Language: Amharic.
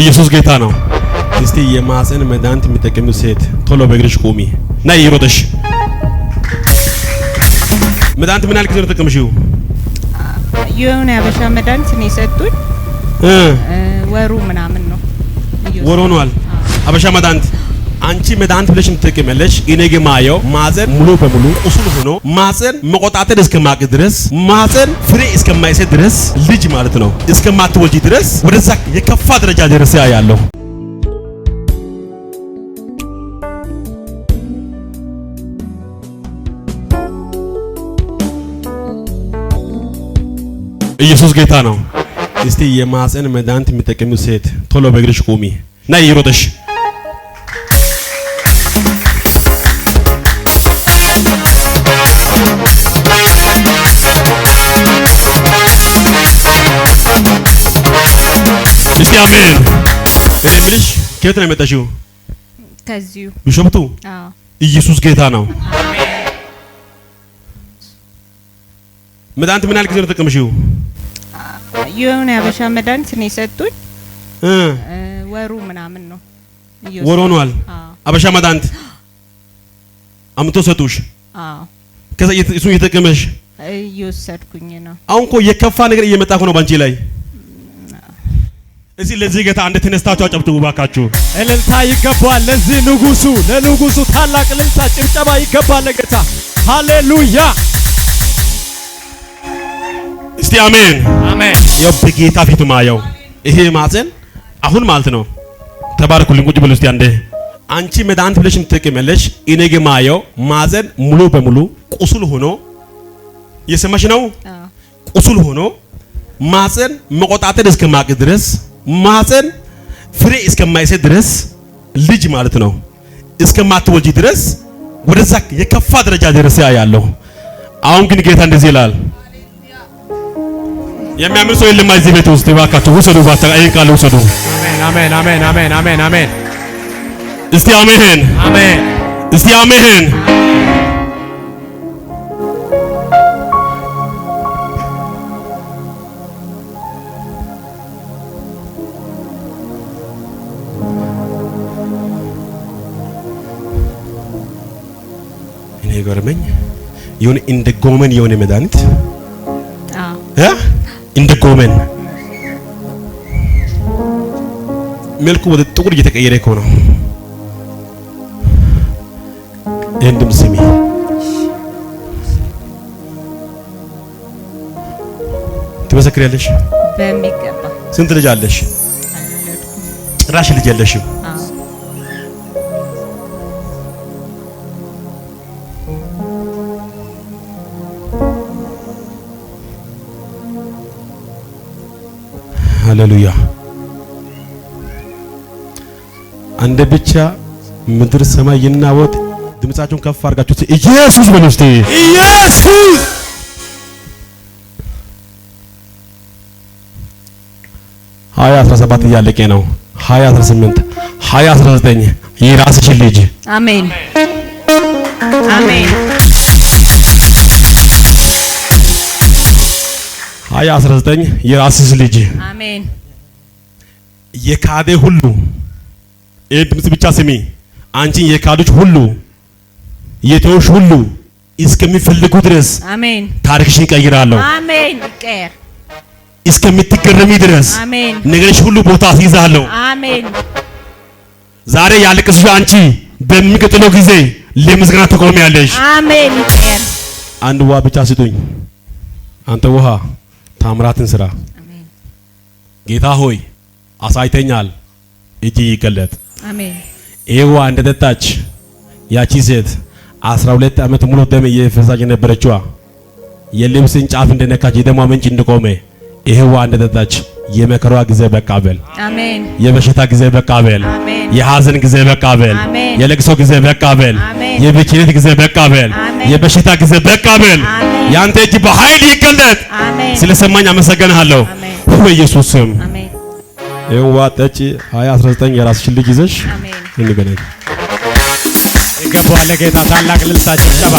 ኢየሱስ ጌታ ነው። እስቲ የማህፀን መድኃኒት የሚጠቀሙ ሴት ቶሎ በእግርሽ ቁሚ እና ይሮጠሽ መድኃኒት ምን ያህል ጊዜ ነው ተጠቀምሽው? የሆነ ያበሻ መድኃኒት ነው የሰጡኝ። ወሩ ምናምን ነው ወሩ ሆኗል። አበሻ መድኃኒት አንቺ መድኃኒት ብለሽ የምትጠቀመለሽ ኢነግማየው ማህፀን ሙሉ በሙሉ ቁስል ሆኖ ማህፀን መቆጣጠር እስከማቅ ድረስ ማህፀን ፍሬ እስከማይሰጥ ድረስ ልጅ ማለት ነው እስከማትወጂ ድረስ ወደዛ የከፋ ደረጃ ደረሰ ያያለሁ። ኢየሱስ ጌታ ነው። እስቲ የማህፀን መድኃኒት የሚጠቀሙ ሴት ቶሎ በእግርሽ ቁሚ ናይ ይሮጠሽ እስቲ አሜን። እኔ የምልሽ ከየት ነው የመጣሽው? ከዚሁ ቢሾፍቱ። ኢየሱስ ጌታ ነው። መድኃኒት ምን ያህል ጊዜ ነው ተጠቀምሽው? የሆነ ያበሻ መድኃኒት ነው የሰጡኝ። ወሩ ምናምን ነው ወሩ ሆኗል። አበሻ መድኃኒት አምቶ ሰጡሽ? አዎ እሱን እየተጠቀመሽ እየወሰድኩኝ ነው። አሁን እኮ የከፋ ነገር እየመጣ እኮ ነው ባንቺ ላይ እዚህ ለዚህ ጌታ አንድ ተነስታችሁ አጨብጭቡ ባካችሁ። እልልታ ይገባል ለዚህ ንጉሱ፣ ለንጉሱ ታላቅ እልልታ ጭብጨባ ይገባል ለጌታ ሃሌሉያ። እስቲ አሜን አሜን። በጌታ ፊት ማየው ይሄ ማዘን አሁን ማለት ነው። ተባረኩልኝ። ቁጭ ብሉ እስቲ አንዴ። አንቺ መድኃኒት ብለሽ የምትጠቀመለሽ እኔ ግን ማየው ማዘን ሙሉ በሙሉ ቁስል ሆኖ እየሰማሽ ነው። ቁስል ሆኖ ማዘን መቆጣጠር እስከ ድረስ ማህፀን ፍሬ እስከማይሰጥ ድረስ ልጅ ማለት ነው እስከማትወልጂ ድረስ ወደዛ የከፋ ደረጃ ደረሰ ያለው። አሁን ግን ጌታ እንደዚህ ይላል። የሚያምን ሰው የለም እዚህ ቤት ውስጥ ይባካችሁ፣ ውሰዱ ባታ አይቃሉ ውሰዱ። አሜን፣ አሜን፣ አሜን፣ አሜን፣ አሜን። እስቲ አሜን፣ አሜን፣ እስቲ አሜን ነው የሆነ እንደ ጎመን የሆነ መድኃኒት እንደ ጎመን መልኩ ወደ ጥቁር እየተቀየረ እኮ ነው። ይህን ድምፅ ስሚ። ትመሰክሪያለሽ በሚገባ። ስንት ልጅ አለሽ? ጭራሽ ልጅ የለሽም። ሃሌሉያ። አንድ ብቻ ምድር ሰማይ ይናወጥ። ድምጻቸውን ከፍ አድርጋችሁት ኢየሱስ በሉ እስቲ ኢየሱስ። ሀያ አስራ ሰባት እያለቀ ነው። ሀያ አስራ ስምንት ሀያ አስራ ዘጠኝ የራስሽ ልጅ አሜን አሜን ኢሳይያስ 19 የአሲስ ልጅ አሜን። የካደ ሁሉ ይህ ድምጽ ብቻ ስሚ። አንቺን የካዶች ሁሉ የተውሽ ሁሉ እስከሚፈልጉ ድረስ አሜን፣ ታሪክሽን ቀይራለሁ። አሜን። እስከምትገረሚ ድረስ አሜን፣ ነገርሽ ሁሉ ቦታ አስይዛለሁ። አሜን። ዛሬ ያለቀስሽ አንቺ በሚቀጥለው ጊዜ ለምስጋና ትቆሚያለሽ። አሜን። አንድ ውሃ ብቻ ስጡኝ። አንተ ውሃ ታምራትን ስራ። ጌታ ሆይ አሳይተኛል፣ እጅ ይገለጥ። አሜን። ኤዋ እንደጠጣች ያቺ ሴት 12 ዓመት ሙሉ ደም እየፈሳች የነበረችዋ የልብስን ጫፍ እንደነካች የደሟ ምንጭ እንደቆመ ይሄዋ እንደጠጣች የመከሯ ጊዜ በቃበል። አሜን። የበሽታ ጊዜ በቃበል። የሐዘን ጊዜ በቃበል። የለቅሶ ጊዜ በቃበል። የብክነት ጊዜ በቃበል። የበሽታ ጊዜ በቃ በል። ያንተ እጅ በኃይል ይገለጥ። ስለሰማኝ አመሰግናለሁ። በኢየሱስ ስም አሜን። ጠጪ 2019 የራስሽ ልጅ ይዘሽ እንገናኝ። ይገባዋል። ለጌታ ታላቅ ልልታ ጭብጨባ